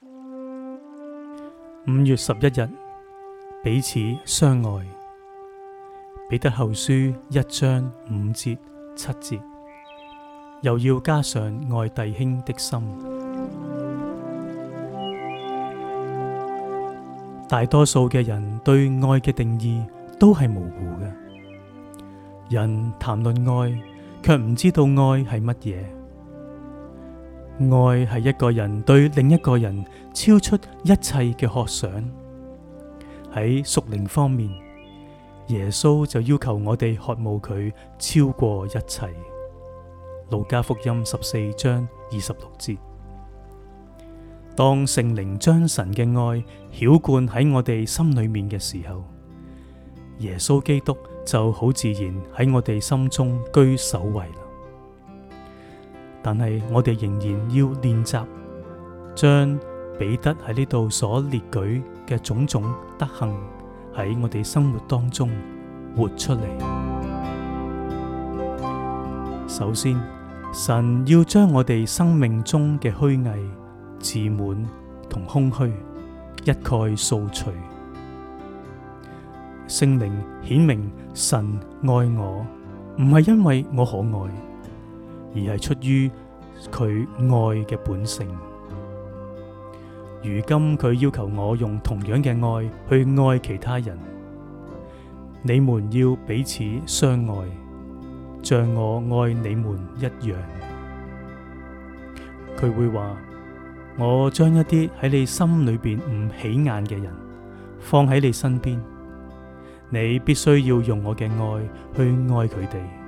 五月十一日，彼此相愛。彼得後書一章五節、七節，又要加上愛弟兄的心。大多數嘅人對愛嘅定義都係模糊嘅，人談論愛，卻唔知道愛係乜嘢。愛係一個人對另一個人超出一切嘅渴想。喺屬靈方面，耶穌就要求我哋渴慕佢超過一切。路加福音十四章二十六節。當聖靈將神嘅愛曉灌喺我哋心裏面嘅時候，耶穌基督就好自然喺我哋心中居首位啦。但係我哋仍然要練習，將彼得喺呢度所列舉嘅種種德行喺我哋生活當中活出嚟。首先，神要將我哋生命中嘅虛偽、自滿同空虛一概掃除。聖靈顯明神愛我，唔係因為我可愛。而係出於佢愛嘅本性。如今佢要求我用同樣嘅愛去愛其他人。你們要彼此相愛，像我愛你們一樣。佢會話：我將一啲喺你心裏邊唔起眼嘅人放喺你身邊，你必須要用我嘅愛去愛佢哋。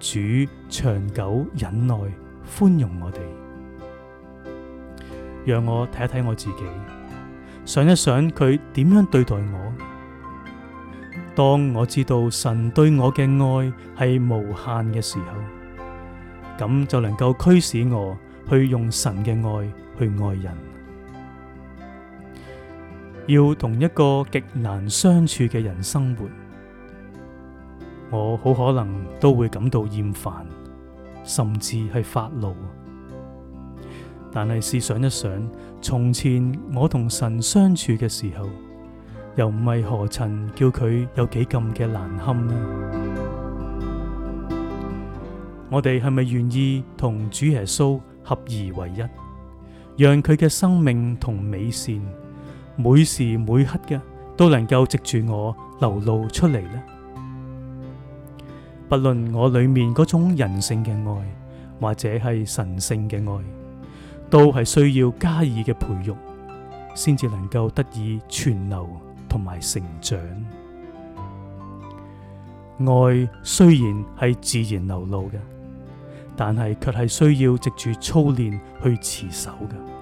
主長久忍耐，寬容我哋，讓我睇一睇我自己，想一想佢點樣對待我。當我知道神對我嘅愛係無限嘅時候，咁就能夠驅使我去用神嘅愛去愛人。要同一個極難相處嘅人生活。我好可能都會感到厭煩，甚至係發怒。但係試想一想，從前我同神相處嘅時候，又唔係何曾叫佢有幾咁嘅難堪呢？我哋係咪願意同主耶穌合而為一，讓佢嘅生命同美善，每時每刻嘅都能夠藉住我流露出嚟呢？不論我裏面嗰種人性嘅愛，或者係神性嘅愛，都係需要加以嘅培育，先至能夠得以存留同埋成長。愛雖然係自然流露嘅，但係卻係需要藉住操練去持守嘅。